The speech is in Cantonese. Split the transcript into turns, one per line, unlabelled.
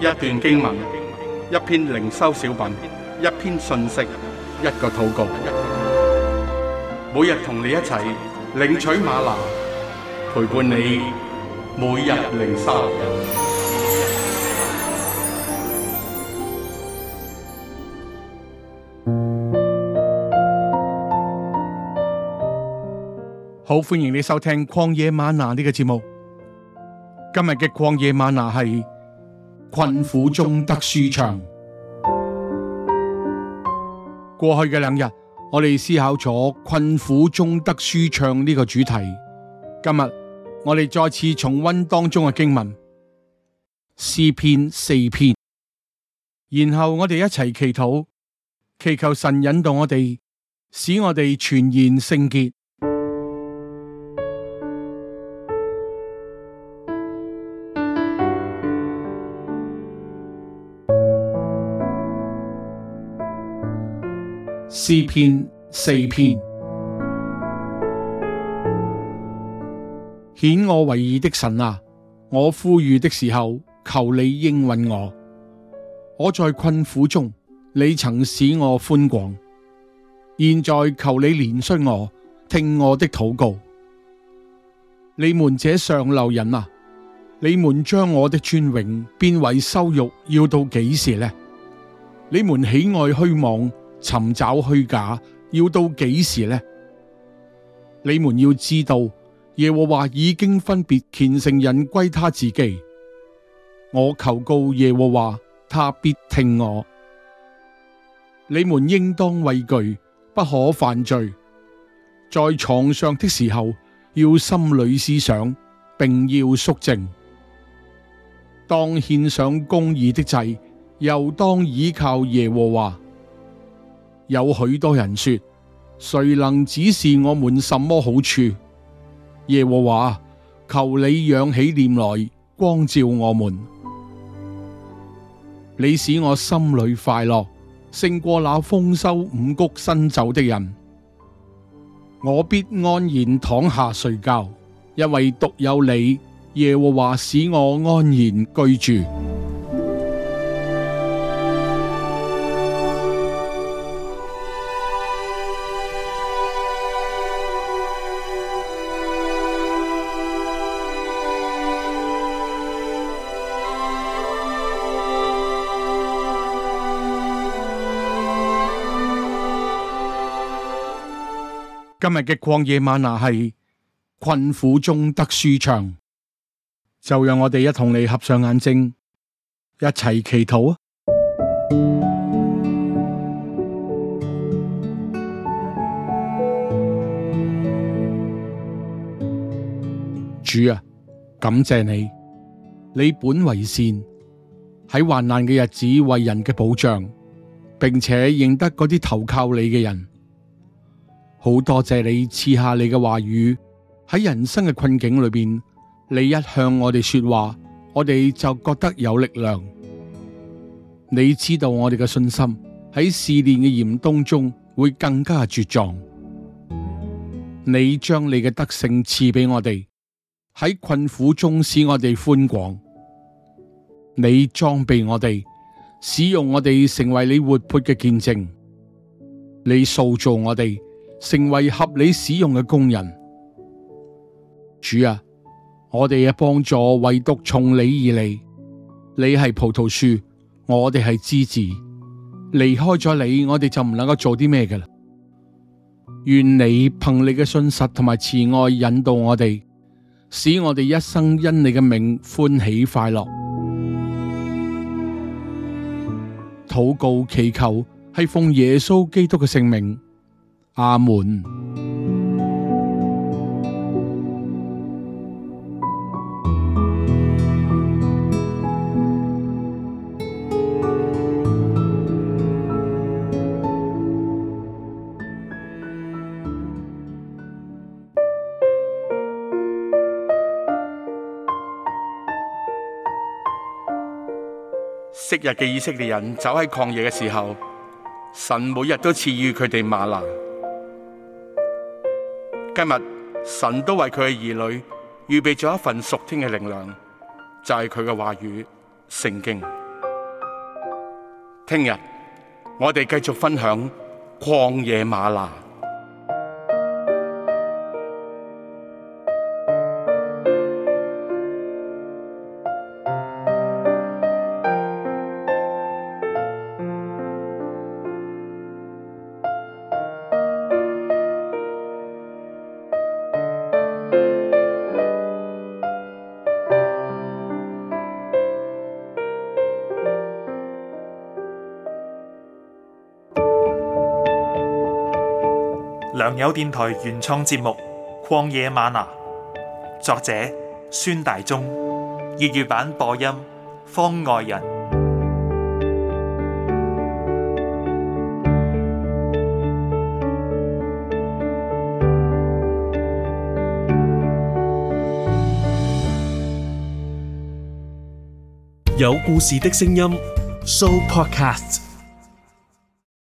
一段經文，一篇靈修小品，一篇信息，一個禱告。每日同你一齊領取嗎哪，陪伴你每日靈修。好，歡迎你收聽《曠野嗎哪》呢個節目。今日嘅《曠野嗎哪》係。困苦中得舒暢。過去嘅兩日，我哋思考咗困苦中得舒暢呢個主題。今日我哋再次重溫當中嘅經文，詩篇四篇，然後我哋一齊祈禱，祈求神引導我哋，使我哋全然聖潔。詩篇四篇，四篇，顯我為義的神啊，我呼籲的時候，求你應允我。我在困苦中，你曾使我寬廣，現在求你憐恤我，聽我的禱告。你們這上流人啊，你們將我的尊榮變為羞辱，要到幾時呢？你們喜愛虛妄，尋找虛假要到幾時呢？你們要知道，耶和華已經分別虔誠人歸他自己。我求告耶和華，他必聽我。你們應當畏懼，不可犯罪。在床上的時候，要心裏思想，並要肅靜。當獻上公義的祭，又當倚靠耶和華。有許多人說，誰能指示我們什麼好處？耶和華，求你仰起臉來，光照我們。你使我心裏快樂，勝過那豐收五穀新酒的人。我必安然躺下睡覺，因為獨有你，耶和華使我安然居住。今日嘅曠野嗎哪，係困苦中得舒暢，就讓我哋一同你合上眼睛，一齊祈禱啊！主啊，感謝你，你本為善，喺患難嘅日子為人嘅保障，並且認得嗰啲投靠你嘅人。好多謝你賜下你嘅話語，喺人生嘅困境裏邊，你一向我哋說話，我哋就覺得有力量。你知道我哋嘅信心喺試煉嘅嚴冬中會更加茁壯。你將你嘅德性賜俾我哋，喺困苦中使我哋寬廣。你裝備我哋，使用我哋成為你活潑嘅見證。你塑造我哋。成為合理使用嘅工人，主啊，我哋嘅幫助唯獨從你而嚟，你係葡萄樹，我哋係枝子，離開咗你，我哋就唔能夠做啲咩嘅啦。願你憑你嘅信實同埋慈愛引導我哋，使我哋一生因你嘅名歡喜快樂。禱告祈求係奉耶穌基督嘅聖名。阿門。昔日嘅以色列人走喺曠野嘅時候，神每日都賜予佢哋嗎哪。今日神都為佢嘅兒女預備咗一份屬天嘅靈糧，就係佢嘅話語《聖經》。聽日我哋繼續分享曠野嗎哪。良友電台原創節目《曠野嗎哪》，作者孫大中，粵語版播音方外人，有故事的聲音，Show Podcast。